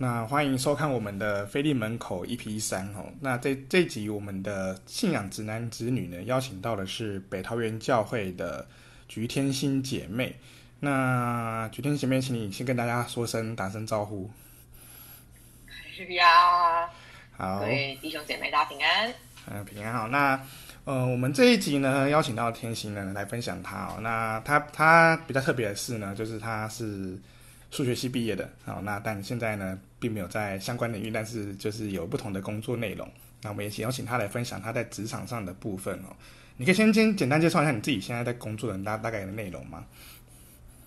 那歡迎收看我們的腓利門口 EP 三哦。那在這，這一集，我們的信仰職男職女呢，邀請到的是北桃園教會的菊天心姐妹。那菊天姐妹，請你先跟大家說聲，打聲招呼。是的呀，好對。弟兄姐妹，大家平安。嗯，平安好。那、呃、我們這一集呢，邀請到天心呢來分享她。哦。那她她比較特別的是呢，就是她是。數學系畢業的，好那，但現在呢，並沒有在相關領域，但是就是有不同的工作內容。那我們也請邀請他來分享他在職場上的部分哦、喔。你可以先先簡單介紹一下你自己現在在工作的大大概的內容嗎？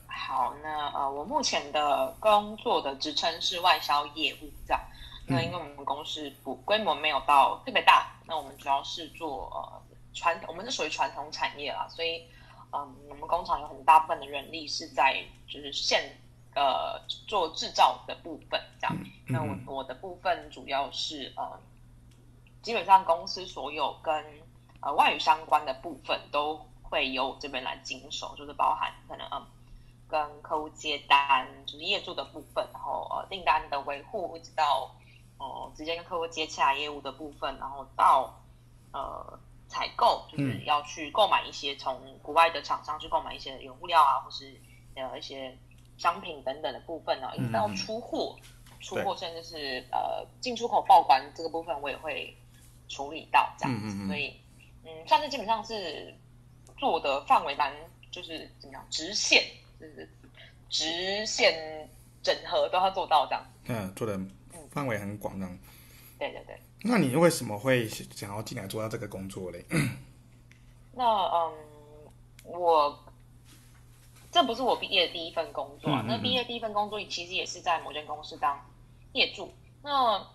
好，那呃，我目前的工作的職稱是外銷業務長。嗯、那因為我們公司不規模沒有到特別大，那我們主要是做傳、呃，我們是屬於傳統產業啦，所以嗯、呃，我們工廠有很大部分的人力是在就是現呃，做製造的部分這樣，那我我的部分主要是呃，基本上公司所有跟呃外語相關的部分都會由我這邊來經手，就是包含可能嗯、呃，跟客戶接單，就是業主的部分，然後呃訂單的維護，一直到哦、呃、直接跟客戶接洽業務的部分，然後到呃採購，就是要去購買一些、嗯、從國外的廠商去購買一些原物料啊，或是呃一些。商品等等的部分呢、哦，一直到出貨、嗯嗯出貨，甚至是對呃進出口報關這個部分，我也會處理到這樣子。嗯嗯嗯所以，嗯，算是基本上是做的範圍蠻，就是怎麼樣，直線就是，是直線整合都要做到這樣子。嗯，做的範圍很廣的。對對對。那你為什麼會想要進來做到這個工作嘞？ 那嗯，我。這不是我畢業的第一份工作，啊，嗯嗯嗯，那畢業第一份工作其實也是在某間公司當業主。那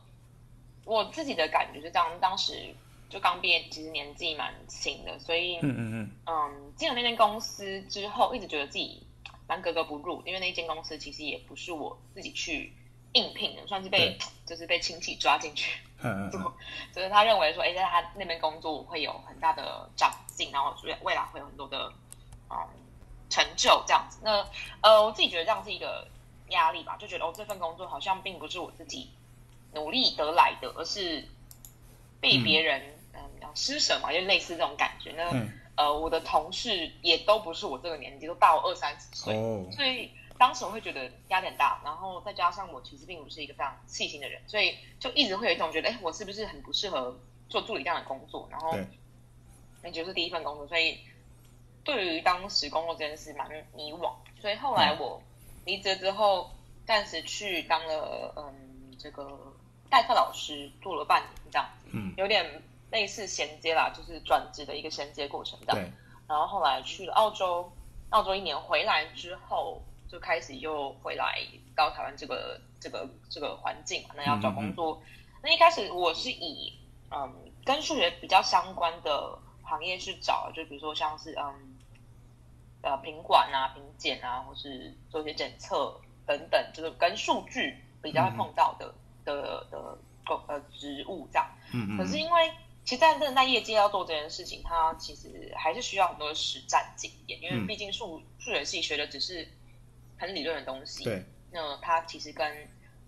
我自己的感覺是當，當當時就剛畢業，其實年紀蠻輕的，所以嗯嗯嗯，嗯，進了那間公司之後，一直覺得自己蠻格格不入，因為那間公司其實也不是我自己去應聘的，算是被，嗯、就是被親戚抓進去做。所，嗯嗯嗯、 他認為說，哎，欸，在他那邊工作會有很大的長進，然後未來會有很多的啊。嗯成就這樣子，那呃，我自己覺得這樣是一個壓力吧，就覺得哦，這份工作好像並不是我自己努力得來的，而是被別人嗯，嗯然後施捨嘛，就類似這種感覺。那、嗯、呃，我的同事也都不是我這個年紀，都大我二三十歲，哦、所以當時我會覺得壓力很大。然後再加上我其實並不是一個非常細心的人，所以就一直會有一種覺得，哎，我是不是很不適合做助理這樣的工作？然後那就對是第一份工作，所以。對於當時工作這件事蠻迷惘，所以後來我離職之後，嗯、暫時去當了嗯這個代課老師，做了半年這樣子，嗯，有點類似銜接啦，就是轉職的一個銜接過程這樣。對然後後來去了澳洲，澳洲一年回來之後，就開始又回來到台灣這個這個這個環境，那要找工作，嗯嗯那一開始我是以嗯跟數學比較相關的行業去找，就比如說像是嗯。呃，品管啊、品檢啊，或是做一些檢測等等，就是跟數據比較會碰到的、嗯、的的工呃職務這樣。嗯，嗯，可是因為其實在那那業界要做這件事情，它其實還是需要很多實戰經驗，因為畢竟數、嗯、數學系學的只是很理論的東西。對。那它其實跟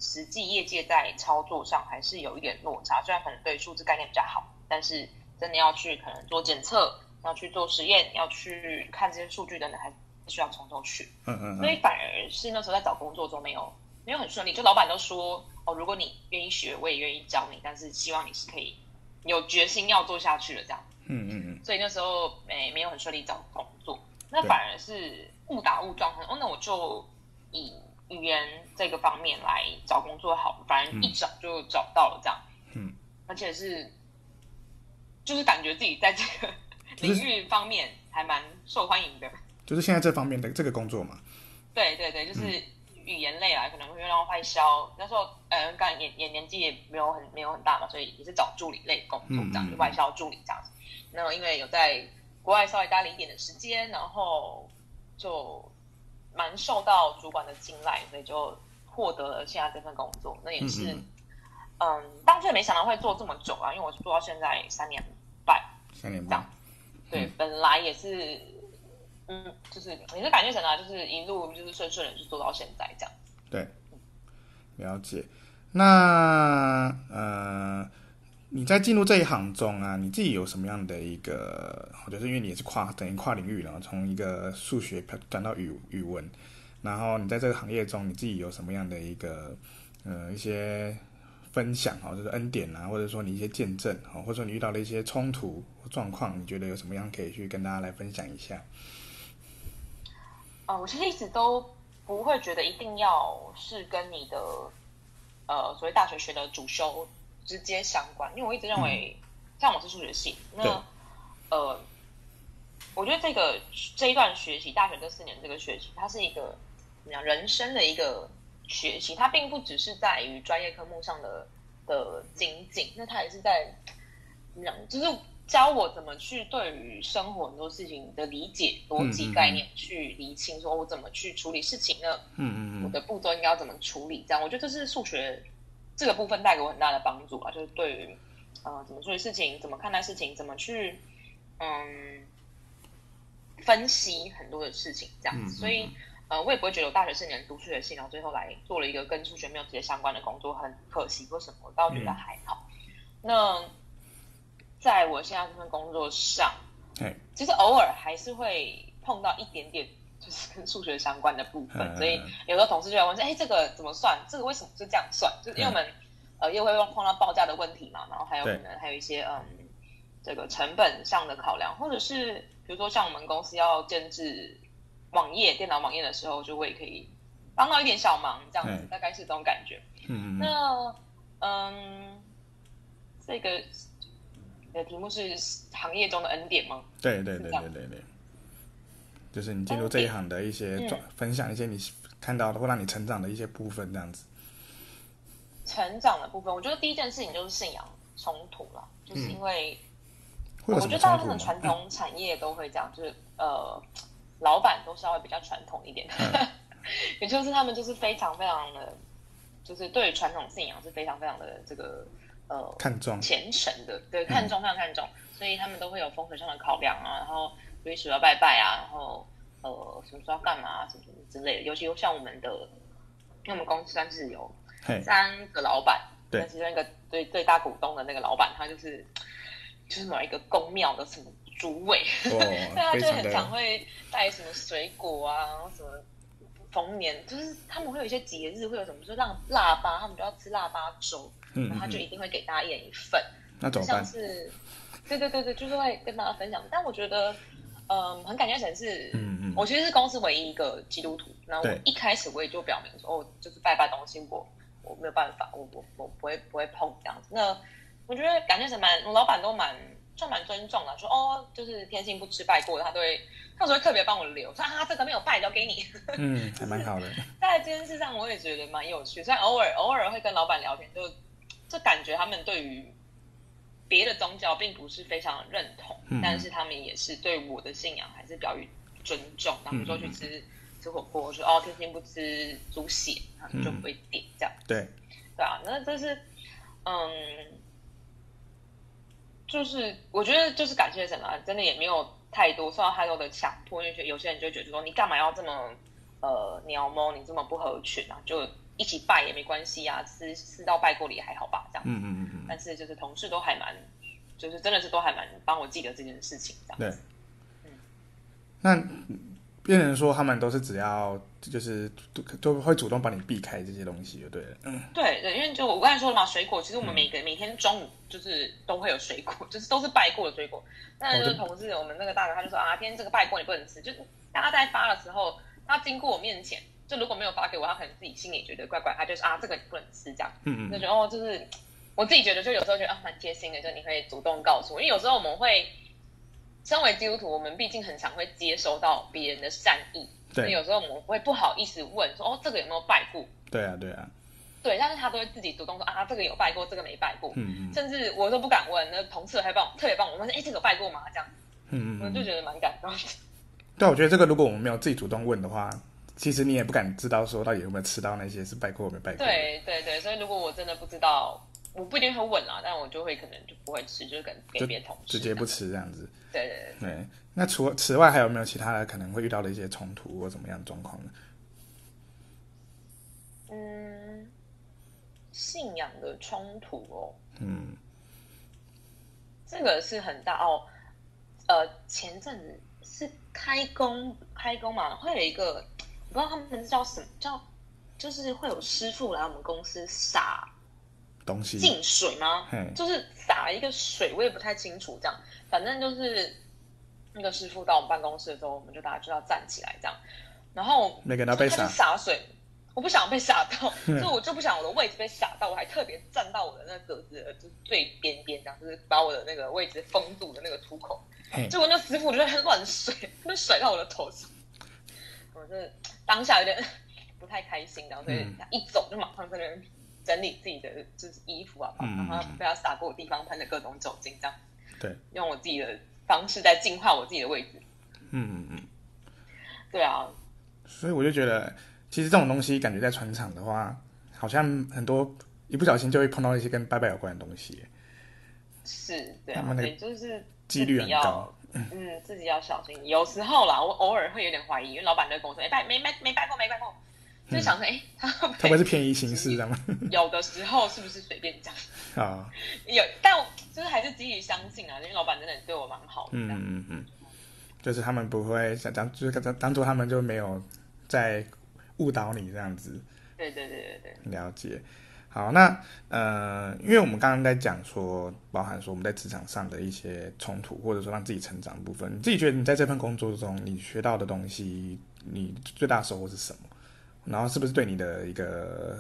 實際業界在操作上還是有一點落差，雖然可能對數字概念比較好，但是真的要去可能做檢測。要去做實驗，要去看這些數據的人，還需要從頭去。嗯嗯嗯。所以反而是那時候在找工作中沒有沒有很順利，就老闆都說哦，如果你願意學，我也願意教你，但是希望你是可以有決心要做下去的這樣。嗯嗯嗯。所以那時候沒、欸、沒有很順利找工作，那反而是誤打誤撞，哦，那我就以語言這個方面來找工作好，反而一找就找到了這樣。嗯嗯。而且是就是感覺自己在這個。領域方面還蠻受歡迎的，就是現在這方面的這個工作嘛。對對對，就是語言類啊，嗯、可能會讓外銷。那時候，嗯、呃，剛也也年紀也沒有很沒有很大嘛，所以也是找助理類工作，這樣外銷、嗯嗯嗯、助理這樣，那麼因為有在國外稍微待了一點的時間，然後就蠻受到主管的青睞，所以就獲得了現在這份工作。那也是，嗯、嗯、嗯，當初也沒想到會做這麼久啊，因為我是做到現在三年半，三年半，這樣對，本來也是，嗯，就是你是感覺什麼就是一路就是順順的就做到現在這樣。對，了解。那呃，你在進入這一行中啊，你自己有什麼樣的一個？我覺得因為你也是跨，等於跨領域，然後從一個數學轉到語語文，然後你在這個行業中，你自己有什麼樣的一個呃一些？分享哈，就是恩典啊，或者說你一些見證哈，或者說你遇到了一些衝突或狀況，你覺得有什麼樣可以去跟大家來分享一下？啊、呃，我其實一直都不會覺得一定要是跟你的呃所謂大學學的主修直接相關，因為我一直認為，嗯、像我是數學系，那對呃，我覺得這個這一段學習大學這四年這個學習，它是一個怎麼樣人生的，一個學習，它並不只是在於專業科目上的的精進，那它也是在，怎麼講，就是教我怎麼去對於生活很多事情的理解，嗯嗯嗯，邏輯概念去釐清，說我怎麼去處理事情呢？嗯嗯、嗯我的步驟應該要怎麼處理？這樣，我覺得這是數學這個部分帶給我很大的幫助啊，就是對於呃怎麼處理事情，怎麼看待事情，怎麼去嗯分析很多的事情這樣子，嗯嗯所以。呃，我也不會覺得我大學四年讀數學系，然後最後來做了一個跟數學沒有直接相關的工作很可惜或什麼，我倒覺得還好。嗯、那在我現在這份工作上，嘿其實偶爾還是會碰到一點點就是跟數學相關的部分，嗯、所以有的同事就會問說嘿：“誒，這個怎麼算？這個為什麼是這樣算？”就是、因為我們、嗯、呃又會碰到報價的問題嘛，然後還有可能還有一些對嗯這個成本上的考量，或者是比如說像我們公司要建置。網頁電腦網頁的時候，就我也可以幫到一點小忙，這樣子嘿大概是這種感覺。嗯嗯那嗯，這個的題目是行業中的恩典嗎？對對對對對對，是就是你進入這一行的一些，嗯、分享一些你看到的或讓你成長的一些部分，這樣子。成長的部分，我覺得第一件事情就是信仰衝突了，嗯、就是因為我覺得大部分傳統產業都會這樣，就是呃。老闆都稍微比較傳統一點，嗯、 也就是他們就是非常非常的，就是對於傳統信仰是非常非常的這個呃看重中虔誠的，對看重非常看重，嗯、所以他們都會有風水上的考量啊，然後比如說拜拜啊，然後呃什麼時候要幹嘛、啊、什麼什麼之類的。尤其又像我們的，那我們公司算是有三個老闆，對，其中一個最最大股東的那個老闆，他就是就是某一個宮廟的什麼，主委，對、哦、 他就很常會帶什麼水果啊，常然後什麼逢年就是他們會有一些節日，會有什麼就讓臘八，他們就要吃臘八粥，嗯嗯嗯然後他就一定會給大家一人一份，那像是對對對對，就是會跟大家分享。但我覺得，嗯，很感謝神是，嗯嗯，我其實是公司唯一一個基督徒，然後我一開始我也就表明說，對哦，就是拜拜東西，我我沒有辦法，我我我不會不會碰這樣子。那我覺得感謝神蠻，我老板都蠻。算蠻尊重的，說哦，就是天心不吃拜過的，他都會，他就會特別幫我留，說啊，這個沒有拜的都給你。嗯， 是還蠻好的。在這件事上，我也覺得蠻有趣。雖然偶爾偶爾會跟老闆聊天，就，就感覺，他們對於別的宗教並不是非常認同，嗯、但是他們也是對我的信仰還是表示尊重。然後就去吃、嗯、吃火鍋，說哦，天心不吃豬血，他們就不會點。嗯、這樣對對吧、啊？那這、就是嗯。就是我覺得就是感謝什麼、啊，真的也沒有太多受到太多的強迫，因為有些人就覺得說，你幹嘛要這麼呃鳥摸？你這麼不合群啊，就一起拜也沒關係呀、啊，吃吃到拜過禮還好吧，這樣。嗯嗯嗯，但是就是同事都還蠻，就是真的是都還蠻幫我記得這件事情的。這樣子對。嗯。嗯變成說他們都是只要就是都都會主動幫你避開這些東西就對了。嗯對，對，因為就我剛才說了嘛，水果其實我們每個、嗯、每天中午就是都會有水果，就是都是拜過的水果。那就是同事、哦、我們那個大哥他就說啊，今天這個拜過你不能吃。就大家在發的時候，他經過我面前，就如果沒有發給我，他可能自己心裡覺得怪怪，他就說啊，這個你不能吃這樣。嗯嗯。那時候就是我自己覺得就有時候覺得啊蠻貼心的，就你可以主動告訴我，因為有時候我們會。身為基督徒，我們畢竟很常會接收到別人的善意，對，所以有時候我們會不好意思問說：“哦，這個有沒有拜過？”對啊，對啊，對，但是他都會自己主動說：“啊，這個有拜過，這個沒拜過。”嗯嗯，甚至我都不敢問，那同事還幫我特別幫我問：“哎、欸，這個拜過嗎？”這樣，嗯嗯，我就覺得蠻感動的。對，我覺得這個如果我們沒有自己主動問的話，其實你也不敢知道說到底有沒有吃到那些是拜過有沒有拜過。對對對，所以如果我真的不知道，我不一定會問啦，但我就會可能就不會吃，就是可能給別的同事直接不吃這樣子。對對，對，對，那除此外還有沒有其他的可能會遇到的一些衝突或怎麼樣的狀況呢？嗯，信仰的衝突哦，嗯，這個是很大哦，呃，前陣子是開工開工嘛，會有一個我不知道他們叫什麼叫，就是會有師傅來我們公司殺。進水嗎？嗯、就是灑一個水，我也不太清楚。這樣，反正就是那個師傅到我們辦公室的時候，我們就大家知道站起來這樣。然後那個他被灑水，我不想被灑到，就呵我就不想我的位置被灑到。我還特別站到我的那個格子就最最邊邊，這樣就是把我的那個位置封住的那個出口。結果、嗯、那個師傅就在亂甩，就甩到我的頭上。我是當下有點不太開心，然後所以他一走就馬上在那邊。嗯整理自己的就是衣服啊，嗯、然後不要撒過我地方噴的各種酒精，這樣。對。用我自己的方式在淨化我自己的位置。嗯嗯嗯。對啊。所以我就覺得，其實這種東西，感覺在傳產的話，好像很多一不小心就會碰到一些跟拜拜有關的東西。是，他們、啊、那個就是幾率很高。嗯，自己要小心。有時候啦，我偶爾會有點懷疑，因為老闆在跟我說：“哎，拜沒拜沒？沒拜過？沒拜過？”嗯、就想說，哎、欸，他不會是便宜行事，這樣嗎？有的時候是不是隨便講啊？有，但就是還是急於相信啊，因為老板真的對我蠻好的。嗯嗯嗯，就是他們不會想當，就是當做他們就沒有在誤導你這樣子。對對對對對，了解。好，那呃，因為我們剛剛在講說，包含說我們在職場上的一些衝突，或者說讓自己成長部分，你自己覺得你在這份工作中你學到的東西，你最大收穫是什麼？然後是不是對你的一個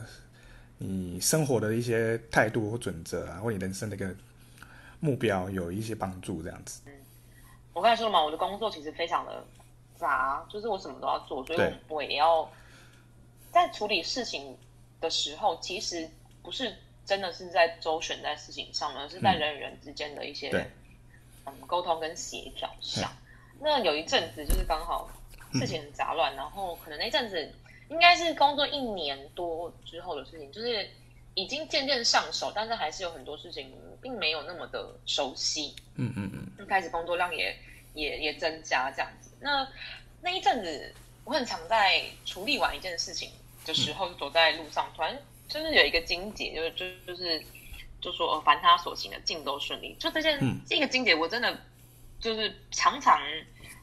你生活的一些態度或準則啊，或你人生的一個目標有一些幫助？這樣子，嗯、我剛才說了嘛，我的工作其實非常的雜，就是我什麼都要做，所以我也要在處理事情的時候，其實不是真的是在周旋在事情上，而是在人與人之間的一些嗯，對嗯溝通跟協調上。嗯、那有一陣子就是剛好事情很雜亂，嗯、然後可能那陣子。應該是工作一年多之後的事情，就是已經漸漸上手，但是還是有很多事情並沒有那麼的熟悉。嗯嗯嗯。開始工作量也也也增加這樣子。那那一陣子，我很常在處理完一件事情的時候，走在路上，嗯、突然真的有一個經節，就就是、就是就說，凡他所行的，盡都順利。就這件、嗯、這個經節，我真的就是常常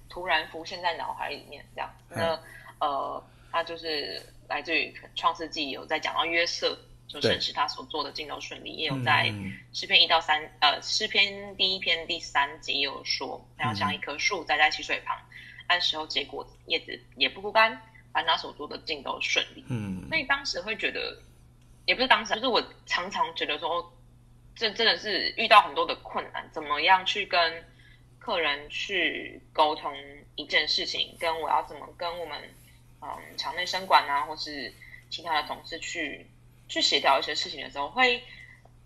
突然浮現在腦海裡面這樣。那、嗯、呃。他就是來自於《創世紀》，有在講到約瑟，對就神使他所做的盡都順利；嗯、也有在詩篇一到三，呃，詩篇第一篇第三節也有說，他要像一棵樹栽在溪水旁，嗯、按時候結果葉子也不枯乾，凡正他所做的盡都順利。嗯，所以當時會覺得，也不是當時，就是我常常覺得說，這真的是遇到很多的困難，怎麼樣去跟客人去溝通一件事情，跟我要怎麼跟我們。嗯、場內生管啊，或是其他的同事去去協調一些事情的時候，會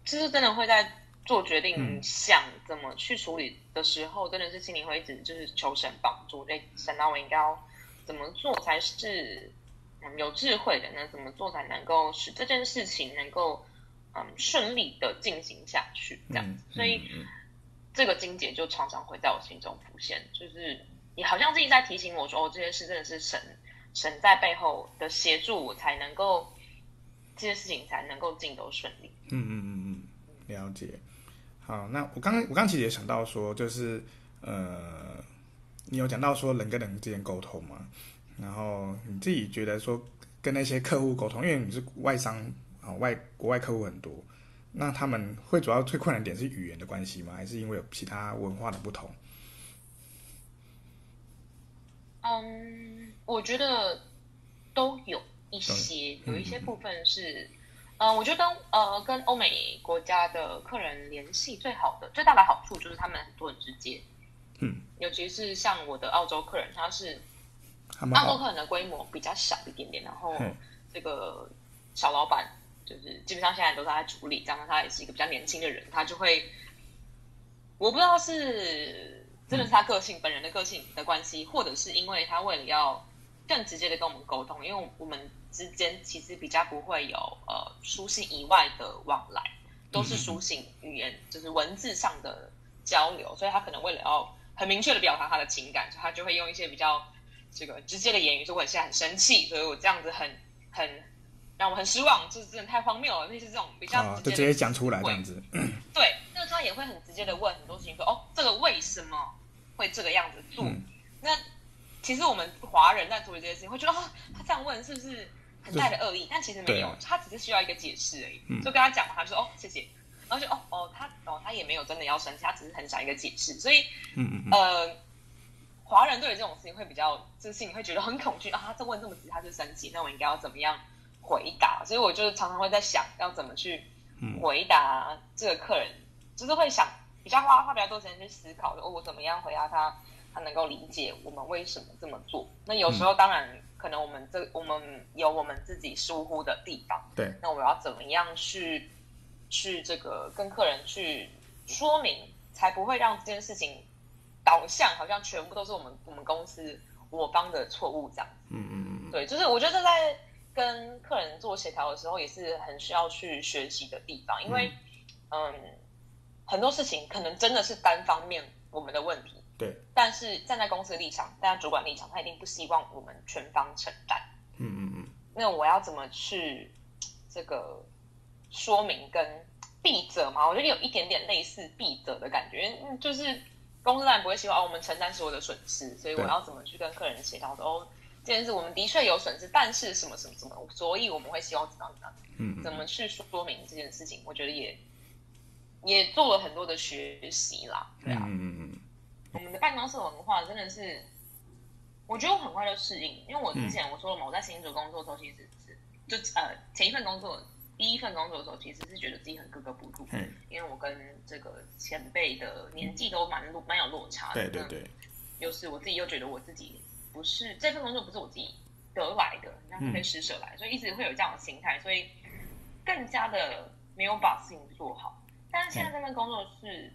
就是真的會在做決定、想怎麼去處理的時候，真的是心裡會一直就是求神幫助。哎，神啊，我應該要怎麼做才是、嗯、有智慧的呢？怎麼做才能夠使這件事情能夠嗯、順利的進行下去？這樣子，所以這個經節就常常會在我心中浮現，就是你好像最近在提醒我說，哦，這件事真的是神。神在背後的協助，我才能夠這些事情才能夠盡都順利。嗯嗯嗯嗯，了解。好，那我剛我剛其實也想到說，就是呃，你有講到說人跟人之間溝通嘛，然後你自己覺得說跟那些客戶溝通，因為你是外商啊、哦，外國外客戶很多，那他們會主要最困難點是語言的關係嗎？還是因為有其他文化的不同？嗯，um, 我覺得都有一些，嗯、有一些部分是，嗯、呃，我覺得呃，跟歐美國家的客人聯繫最好的最大的好處就是他們很多人直接，嗯，尤其是像我的澳洲客人，他是澳洲客人的規模比較小一點點，然後這個小老闆就是基本上現在都是他在主理，加上他也是一個比較年輕的人，他就會，我不知道是。真的是他個性本人的個性的關係，或者是因為他為了要更直接的跟我們溝通，因為我們之間其實比較不會有呃書信以外的往來，都是書信語言就是文字上的交流，嗯、哼所以他可能為了要很明確的表達他的情感，他就會用一些比較這個直接的言語，說我現在很生氣，所以我這樣子很很讓我很失望，就是真的太荒謬了，那是這種比較直接、啊、就直接講出來這樣子， 對，那他也會很直接的問很多事情，說哦，這個為什麼？會這個樣子做，嗯、那其實我們華人在處理這件事情，會覺得啊、哦，他這樣問是不是很帶著惡意？是但其實沒有，對他只是需要一個解釋而已。嗯、就跟他講，他就說哦，謝謝，然後就哦哦，他哦他也沒有真的要生氣，他只是很想一個解釋。所以，嗯嗯、呃、華人對於這種事情會比較，自信，會覺得很恐懼啊，他這問這麼急，他就生氣，那我應該要怎麼樣回答？所以，我就是常常會在想要怎麼去回答這個客人，嗯、就是會想。比較花花比較多時間去思考，哦，我怎麼樣回答他，他能夠理解我們為什麼這麼做？那有時候當然、嗯、可能我們這我們有我們自己疏忽的地方。對，那我們要怎麼樣去去這個跟客人去說明，才不會讓這件事情導向好像全部都是我們我們公司我方的錯誤這樣子？嗯嗯嗯。對，就是我覺得這在跟客人做協調的時候，也是很需要去學習的地方，因為嗯。嗯很多事情可能真的是單方面我們的問題，對。但是站在公司的立場，站在主管立場，他一定不希望我們全方承擔。嗯嗯嗯。那我要怎麼去這個說明跟避責嘛？我覺得有一點點類似避責的感覺、嗯，就是公司當然不會希望、哦、我們承擔所有的損失，所以我要怎麼去跟客人協調說對哦這件事我們的確有損失，但是什麼什麼什麼，所以我們會希望怎麼樣怎麼樣，嗯,嗯，怎麼去說明這件事情？我覺得也。也做了很多的學習啦，對啊，嗯嗯嗯，我們的辦公室文化真的是，我覺得我很快就適應，因為我之前我說了嘛，嗯、我在新竹工作的時候其實是，就呃前一份工作，第一份工作的時候其實是覺得自己很格格不入，對、嗯。因為我跟這個前輩的年紀都蠻蠻、嗯、有落差的，對對對，又是我自己又覺得我自己不是這份工作不是我自己得來的，是跟施捨來，嗯、所以一直會有這樣的心態，所以更加的沒有把事情做好。但是現在這份工作是，嘿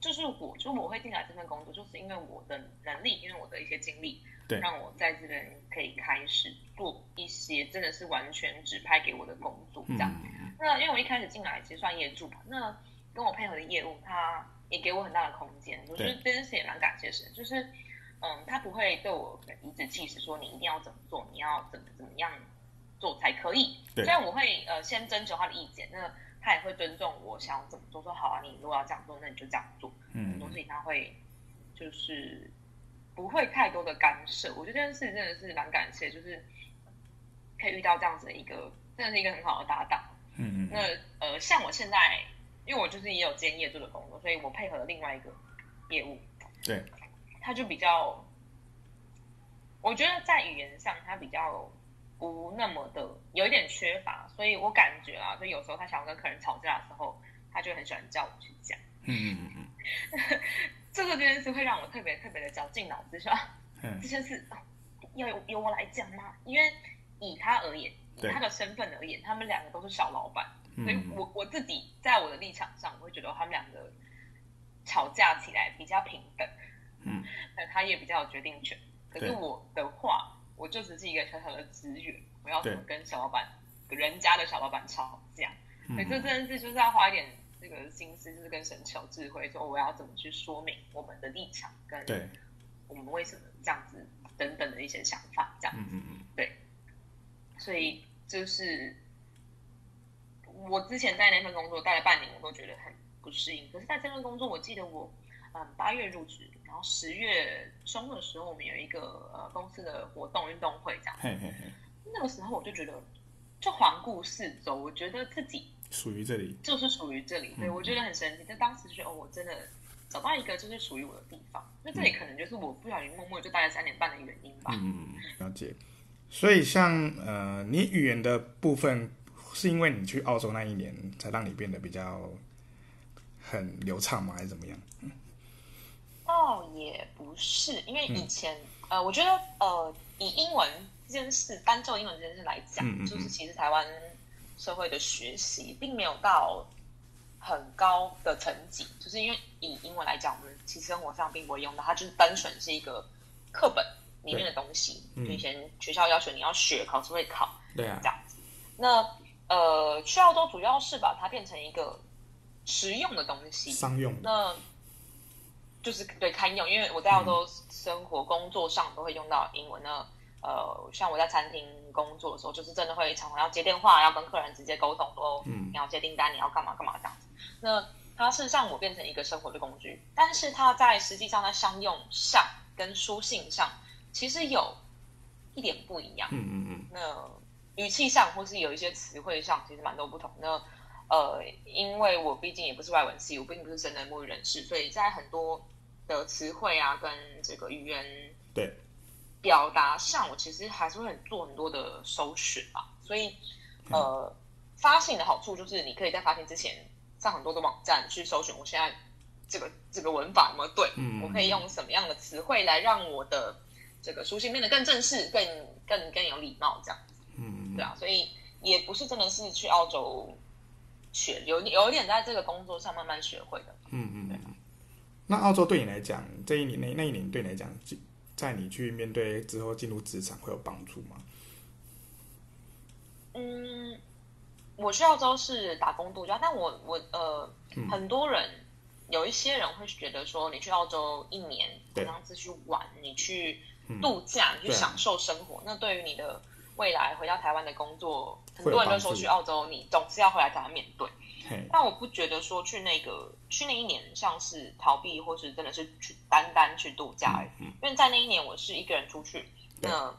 就是我，就我會進來這份工作，就是因為我的能力，因為我的一些經歷，對讓我在這邊可以開始做一些真的是完全指派給我的工作這樣。嗯、那因為我一開始進來其實算業助，那跟我配合的業務，他也給我很大的空間，就是真的對是也蠻感謝神，就是嗯，他不會對我頤指氣使，說你一定要怎麼做，你要怎麼怎麼樣做才可以。對雖然我會呃先徵求他的意見，那。他也會尊重我，想怎麼做，說好啊，你如果要這樣做，那你就這樣做。嗯，很多事情他會就是不會太多的干涉。我覺得這件事情真的是蠻感謝，就是可以遇到這樣子的一個，真的是一個很好的搭檔。嗯嗯。那呃，像我現在，因為我就是也有兼業做的工作，所以我配合了另外一個業務。對。他就比較，我覺得在語言上他比較。不那麼的有一點缺乏，所以我感覺啊，就有時候他想要跟客人吵架的時候，他就很喜歡叫我去講。嗯嗯嗯嗯，嗯 這個真的是會讓我特別特別的絞盡腦汁，是、嗯、這件事、哦、要由由我來講嗎？因為以他而言，對以他的身份而言，他們兩個都是小老闆，嗯、所以我我自己在我的立場上，我會覺得他們兩個吵架起來比較平等。嗯，那他也比較有決定權，可是我的話。我就只是一個小小的職員，我要怎麼跟小老闆、對人家的小老闆吵架？嗯、所以這件事就是要花一點這個心思，就是跟神求智慧，說我要怎麼去說明我們的立場跟對，我們為什麼這樣子等等的一些想法，這樣子。對，對。所以就是我之前在那份工作待了半年，我都覺得很不適應。可是在這份工作，我記得我嗯呃、八月入職。然後十月中的時候，我們有一個呃公司的活動運動會這樣的。嘿嘿嘿那個時候我就覺得，就環顧四周，我覺得自己屬於這裡，就是屬於這裡。這裡對，嗯、我覺得很神奇。但當時覺得，哦，我真的找到一個就是屬於我的地方。嗯、那這裡可能就是我不小心默默就待了三點半的原因吧。嗯，了解。所以像呃你語言的部分，是因為你去澳洲那一年才讓你變得比較很流暢嗎？還是怎麼樣？倒、哦、也不是，因為以前、嗯、呃，我覺得呃，以英文這件事，單就英文這件事來講，嗯、就是其實台灣社會的學習並沒有到很高的層級，就是因為以英文來講，我們其實生活上並不會用到它，就是單純是一個課本裡面的東西。嗯、以前學校要求你要學，考試會考，對啊，這樣子。那呃，去澳洲主要是把它變成一個實用的東西，商用。那就是對堪用，因為我在澳洲生活、工作上都會用到英文呢。那、嗯、呃，像我在餐廳工作的時候，就是真的會常常要接電話，要跟客人直接溝通，說、哦嗯、你要接訂單，你要幹嘛幹嘛這樣子。那它是讓我變成一個生活的工具，但是它在實際上在商用上跟書信上其實有一點不一樣。嗯嗯嗯。那語氣上或是有一些詞彙上其實蠻多不同。那呃，因為我畢竟也不是外文系，我並不是真的母語人士，所以在很多的詞彙啊，跟這個語言對表達上，對我其實還是會很做很多的搜尋吧。所以，嗯、呃，發信的好處就是你可以在發信之前上很多的網站去搜尋。我現在這個這個文法有沒有對？嗯、我可以用什麼樣的詞彙來讓我的這個書信變得更正式、更更更有禮貌？這樣子，嗯，對啊。所以也不是真的是去澳洲學，有有一點在這個工作上慢慢學會的。嗯嗯。對。那澳洲對你來講，這一年那那一年對你來講，在你去面對之後進入職場會有幫助嗎？嗯，我去澳洲是打工度假，但我我呃，嗯、很多人有一些人會覺得說，你去澳洲一年，這樣子去玩，你去度假，嗯、你去享受生活，對啊、那對於你的未來回到台灣的工作，很多人都說去澳洲，你總是要回來台灣面對。但我不覺得說去那個去那一年像是逃避，或是真的是去單單去度假而已。嗯嗯、因為在那一年我是一個人出去，對那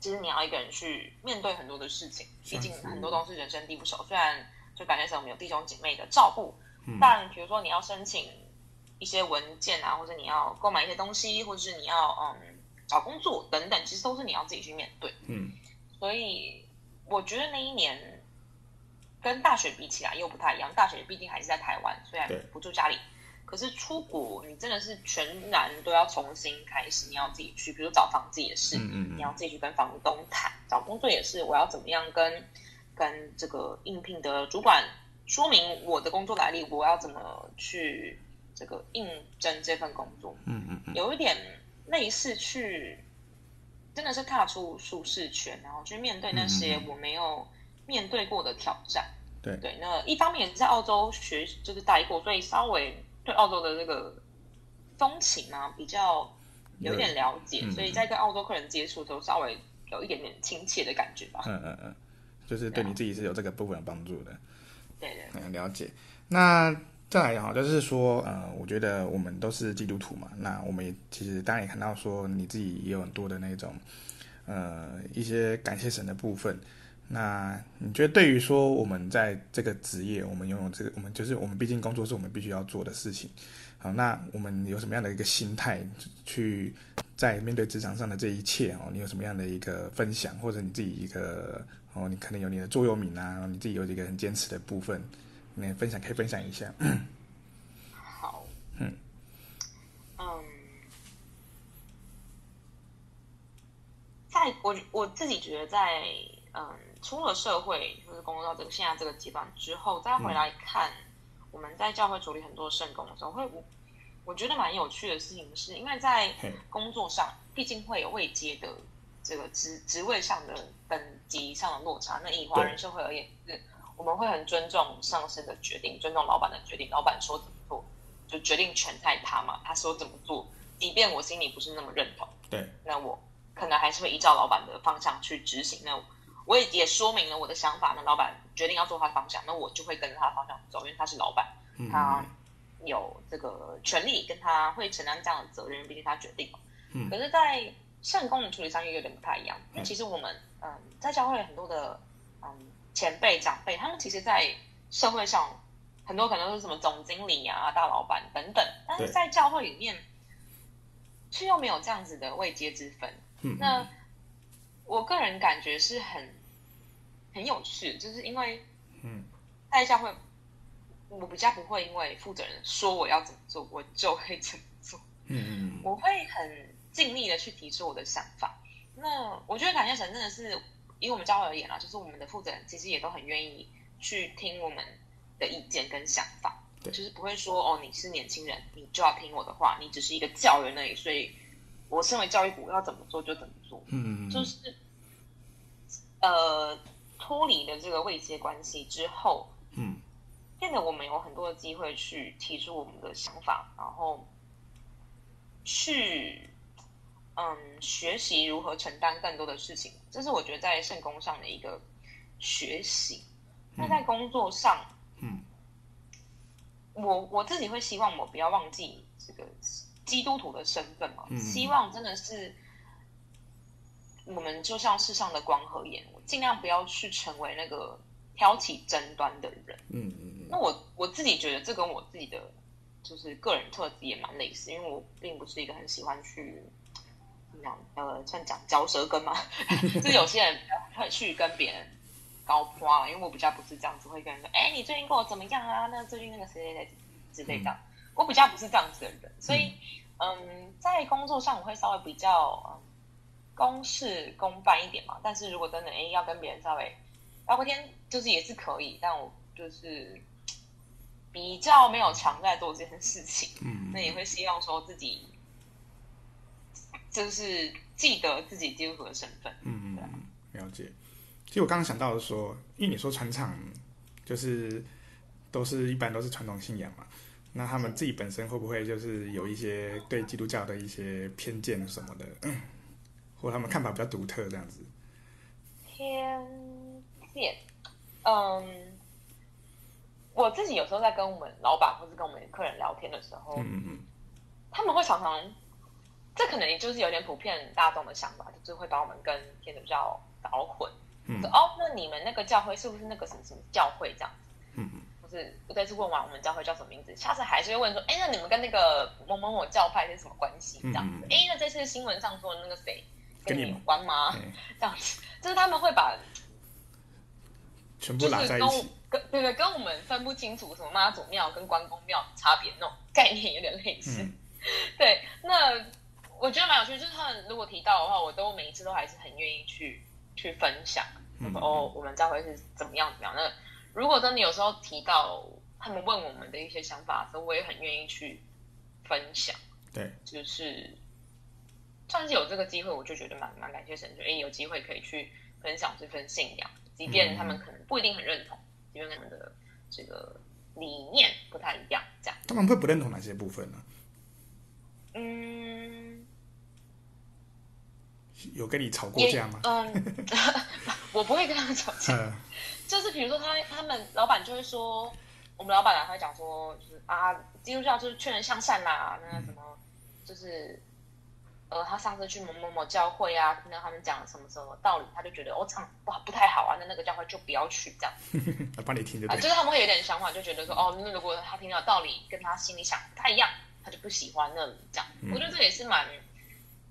其實你要一個人去面對很多的事情，畢竟很多東西人生地不熟。雖然就感覺像我們有弟兄姐妹的照顧，嗯、但比如說你要申請一些文件啊，或者你要購買一些東西，或者是你要嗯找工作等等，其實都是你要自己去面對。嗯，所以我覺得那一年。跟大學比起來又不太一樣，大學畢竟還是在台灣，雖然不住家裡，對可是出國你真的是全然都要重新開始，你要自己去，比如找房子也是，嗯嗯嗯，你要自己去跟房東談；找工作也是，我要怎麼樣跟跟這個應聘的主管說明我的工作來歷，我要怎麼去這個應徵這份工作？嗯嗯嗯，有一點類似去，真的是踏出舒適圈，然後去面對那些我沒有面對過的挑戰。嗯嗯嗯對那一方面也是在澳洲學，就是待過，所以稍微對澳洲的這個風情啊比較有點了解，嗯、所以在跟澳洲客人接觸的時候，稍微有一點點親切的感覺吧。嗯嗯嗯，就是對你自己是有這個部分幫助的。對，啊、對對，對、嗯，了解。那再來的話，就是說，呃，我覺得我們都是基督徒嘛，那我們也其實當然也看到說，你自己也有很多的那種，呃，一些感謝神的部分。那你覺得，對於說我們在這個職業，我們擁有這個，我們就是我們畢竟工作是我們必須要做的事情，好，那我們有什麼樣的一個心態去在面對職場上的這一切哦？你有什麼樣的一個分享，或者你自己一個哦，你可能有你的座右銘啊，你自己有幾個很堅持的部分，你分享可以分享一下？好，嗯，嗯，um，在我我自己覺得在。嗯，出了社會，就是工作到這個現在這個階段之後，再回來看、嗯、我們在教會處理很多聖工的時候，會我我覺得蠻有趣的事情是，因為在工作上，畢竟會有位階的這個職職位上的等級上的落差。那以華人社會而言對是，我們會很尊重上司的決定，尊重老板的決定，老板說怎麼做，就決定權在他嘛，他說怎麼做，即便我心裡不是那麼認同，對，那我可能還是會依照老板的方向去執行。那我我也也說明了我的想法呢，那老闆決定要做他的方向，那我就會跟着他的方向走，因為他是老闆，嗯、他有這個權利，跟他會承擔這樣的責任，畢竟他決定了。嗯、可是，在聖公的處理上又有點不太一樣，其實我們嗯、呃，在教會很多的嗯、呃、前輩長輩，他們其實在社會上很多可能都是什麼總經理啊、大老闆等等，但是在教會裡面，對是又沒有這樣子的位階之分。嗯。那。我個人感覺是很很有趣，就是因為，嗯，一下會，我比較不會因為負責人說我要怎麼做，我就會怎麼做，嗯嗯嗯，我會很盡力的去提出我的想法。那我覺得感謝神真的是，以我們教會而言啦、啊，就是我們的負責人其實也都很願意去聽我們的意見跟想法，對就是不會說哦，你是年輕人，你就要聽我的話，你只是一個教員而已，所以。我身為教育股，要怎麼做就怎麼做。嗯嗯就是，呃，脫離了這個位階關係之後，嗯，變得我們有很多的機會去提出我們的想法，然後去，嗯，學習如何承擔更多的事情。這是我覺得在聖工上的一個學習。那，嗯，在工作上，嗯，我我自己會希望我不要忘記這個。基督徒的身份嘛，希望真的是我們就像世上的光和鹽，盡量不要去成為那個挑起爭端的人。嗯嗯嗯。那我我自己覺得這跟我自己的就是個人特質也蠻類似，因為我並不是一個很喜歡去講呃，像講嚼舌根嘛，就是有些人會去跟別人高誇，因為我比較不是這樣子，會跟人說，哎，你最近過得怎麼樣啊？那最近那個誰誰誰之類這樣。我比較不是這樣子的人，所以，嗯、呃，在工作上我會稍微比較，公事公辦一點嘛。但是如果真的、欸、要跟別人稍微，聊聊天，就是也是可以，但我就是比較沒有常在做這件事情。嗯，那也會希望說自己，就是記得自己基督徒身份、嗯。嗯嗯，對了解。其實我剛剛想到的說，因為你說傳產就是都是一般都是傳統信仰嘛。那他們自己本身會不會就是有一些對基督教的一些偏見什麼的，嗯，或他們看法比較獨特這樣子？偏見，嗯，我自己有時候在跟我們老板或是跟我們客人聊天的時候，嗯嗯他們會常常，這可能也就是有點普遍大眾的想法，就是會把我們跟天主教搞混。嗯，哦，那你們那個教會是不是那個什麼什麼教會這樣就是再次問完我們教會叫什麼名字，下次還是會問說：“哎、欸，那你們跟那個某某某教派是什麼關係？”這樣子。哎、嗯欸，那這次新聞上說那個誰，跟你們有關嗎？這樣子，就是他們會把全部打在一起，就是跟跟對對，對跟我們分不清楚什麼媽祖廟跟關公廟差別那種概念有點類似。嗯、對，那我覺得蠻有趣，就是他們如果提到的話，我都每一次都還是很願意去去分享，就是嗯、哦，我們教會是怎麼樣怎麼樣那。如果當你有時候提到他們問我們的一些想法的時候，我也很願意去分享。對，就是算是有這個機會，我就覺得蠻蠻感謝神，就、欸、哎，有機會可以去分享這份信仰，即便他們可能不一定很認同，嗯、即便他們的這個理念不太一樣，這樣。他們會不認同哪些部分呢？嗯，有跟你吵過架嗎？ 我不會跟他們吵架，嗯、就是比如說他他們老闆就會說，我們老闆啊，他會講說就是啊，基督教就是勸人向善啦，那什麼、嗯、就是呃，他上次去某某某教會啊，聽到他們講什麼什麼道理，他就覺得我唱，不、哦、好、嗯，不太好啊，那那個教會就不要去這樣。 他幫你聽就對、啊、就是他們會有點想法，就覺得說哦，那個、如果他聽到道理跟他心裡想不太一樣，他就不喜歡那裡這樣。嗯、我覺得這也是蠻。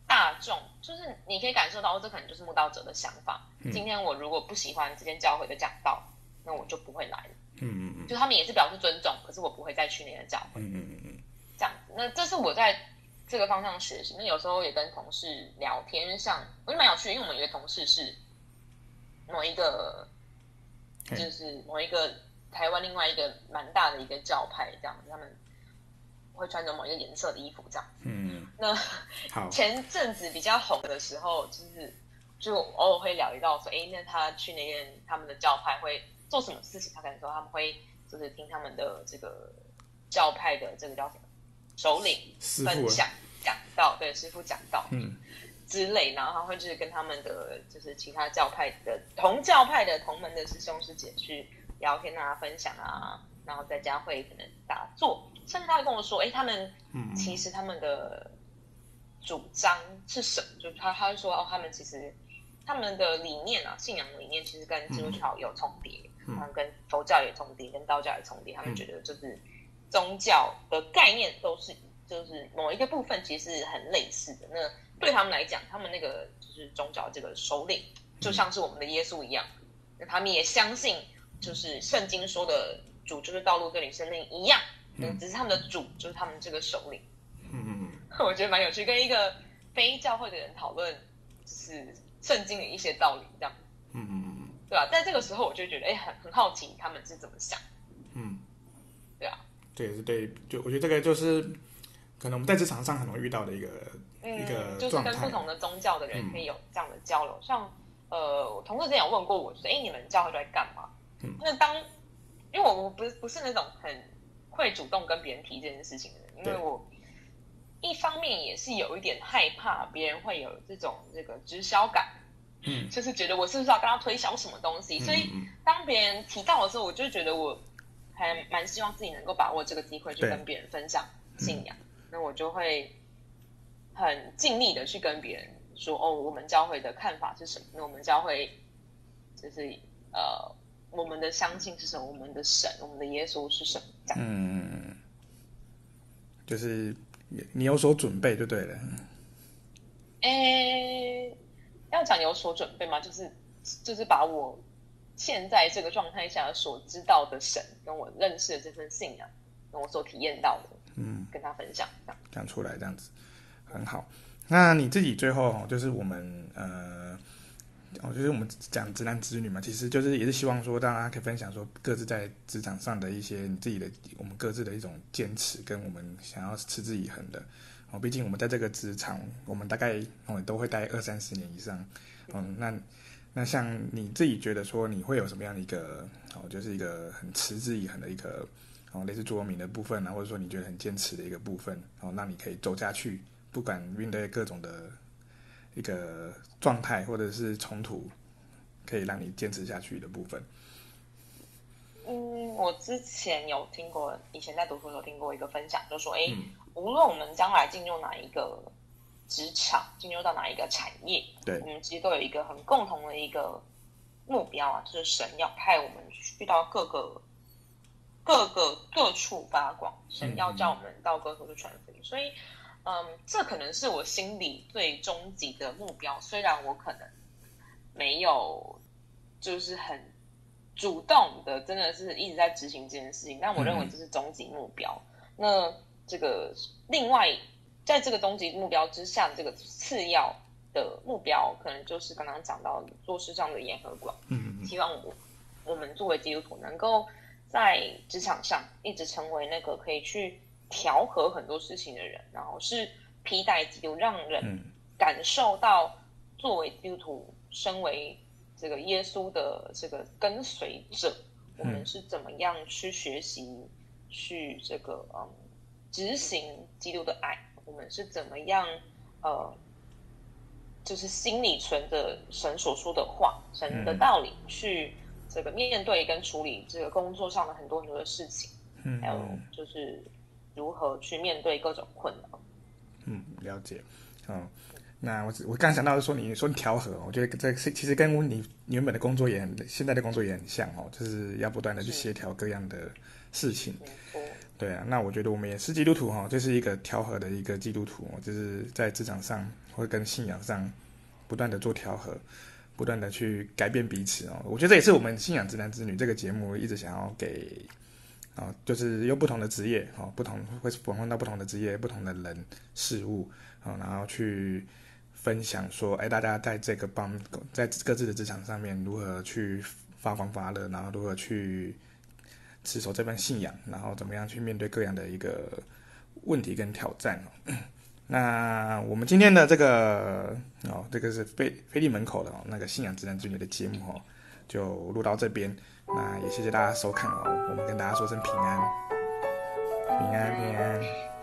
大眾就是你可以感受到，這可能就是慕道者的想法。嗯、今天我如果不喜歡這間教會的講道，那我就不會來了。嗯嗯嗯，就他們也是表示尊重，可是我不會再去那個教會。嗯嗯嗯，嗯這樣子。那這是我在這個方向學習，那有時候也跟同事聊天，上，我就蠻有趣，因為我們有個同事是某一個，嘿就是某一個台灣另外一個蠻大的一個教派這樣子，他們。會穿着某一個顏色的衣服，這樣。嗯，那好前陣子比較紅的時候，就是就偶爾會聊一道說，哎，那他去那邊他們的教派會做什麼事情？他可能說他們會就是聽他們的這個教派的這個叫什麼首領分享講道，父對，師父講道，嗯，之類。然後他會就是跟他們的就是其他教派的同教派的同門的師兄師姐去聊天，啊，分享啊，然後在家會可能打坐。甚至他會跟我說：“哎、欸，他們其實他們的主張是什麼？就他，他會說哦，他們其實他們的理念啊，信仰的理念其實跟基督教有重疊，嗯、跟佛教也重疊，跟道教也重疊。他們覺得就是宗教的概念都是，就是某一個部分其實是很類似的。那對他們來講，他們那個就是宗教的這個首領，就像是我們的耶穌一樣。那他們也相信，就是聖經說的主就是道路跟你生命一樣。”嗯、只是他們的主，就是他們這個首領。嗯嗯嗯，嗯 我覺得蠻有趣，跟一個非教會的人討論就是聖經的一些道理，這樣。嗯嗯嗯，對啊。在這個時候，我就覺得，哎、欸，很很好奇他們是怎麼想。嗯，對啊。對是對，就我覺得這個就是可能我們在職場上很容易遇到的一個、嗯、一個狀態，就是跟不同的宗教的人可以有這樣的交流，嗯、像呃，我同事之前有問過我，就是哎、欸，你們教會都在幹嘛？嗯、那當因為我們不是不是那種很。會主動跟別人提這件事情的，因為我一方面也是有一點害怕別人會有這種這個直銷感，嗯，就是覺得我是不是要跟他推銷什麼東西？嗯、所以當別人提到的時候，我就覺得我還蠻希望自己能夠把握這個機會，去跟別人分享信仰。嗯、那我就會很盡力的去跟別人說，哦，我們教會的看法是什麼？那我們教會就是呃。我們的相信是什麼？我們的神，我們的耶穌是什麼？這樣，嗯，就是你有所準備就對了。哎、欸，要講有所準備嗎？就是就是把我現在這個狀態下所知道的神，跟我認識的這份信仰，跟我所體驗到的，嗯，跟他分享，這樣，講出來這樣子很好。嗯、那你自己最後就是我們呃。我、哦、就是我們講直男直女嘛，其實就是也是希望說大家可以分享說各自在職場上的一些你自己的、我們各自的一種堅持，跟我們想要持之以恆的哦。畢竟我們在這個職場，我們大概哦都會待二三十年以上哦、嗯。那那像你自己覺得說你會有什麼樣的一個哦，就是一個很持之以恆的一個哦，類似座右銘的部分啊，或者說你覺得很堅持的一個部分哦，那你可以走下去，不管面對各種的一個狀態或者是衝突，可以讓你堅持下去的部分。嗯，我之前有聽過，以前在讀書的時候聽過一個分享，就說：哎、欸，嗯、無論我們將來進入哪一個職場，進入到哪一個產業，對，我們其實都有一個很共同的一個目標啊，就是神要派我們去到各個各個各處發光，神要叫我們到各處去傳福音，嗯嗯所以。嗯，這可能是我心裡最終極的目標。雖然我可能沒有，就是很主動的，真的是一直在執行這件事情，但我認為這是終極目標。嗯、那這個另外，在這個終極目標之下，這個次要的目標，可能就是剛剛講到做事上的鹽和光。嗯。希望我我們作為基督徒，能夠在職場上一直成為那個可以去。調和很多事情的人，然後是披戴基督，讓人感受到作為基督徒，身為這個耶穌的這個跟隨者，我們是怎麼樣去學習，去這個嗯執行基督的愛，我們是怎麼樣呃，就是心裡存着神所說的話，神的道理，去這個面對跟處理這個工作上的很多很多的事情，還有就是。如何去面對各種困難？嗯，了解。嗯、哦，那我我剛想到是說你說你調和，我覺得這其實跟你，你原本的工作也很、現在的工作也很像哦，就是要不斷的去協調各樣的事情。是對啊，那我覺得我們也是基督徒哈，這、哦就是一個調和的一個基督徒，哦、就是在職場上會跟信仰上不斷的做調和，不斷的去改變彼此哦。我覺得這也是我們信仰職男職女這個節目、嗯、一直想要給。啊、哦，就是用不同的職業，哈、哦，不同會轉換到不同的職業，不同的人事物，啊、哦，然後去分享說，哎，大家在這個幫在各自的職場上面如何去發光發熱，然後如何去持守這份信仰，然後怎麼樣去面對各樣的一個問題跟挑戰。哦、 那我們今天的這個，哦，這個是腓、腓利門口的、哦，那個信仰職男職女的節目，哦，就錄到這邊。那也謝謝大家收看哦，我們跟大家說聲平安，平安，平安。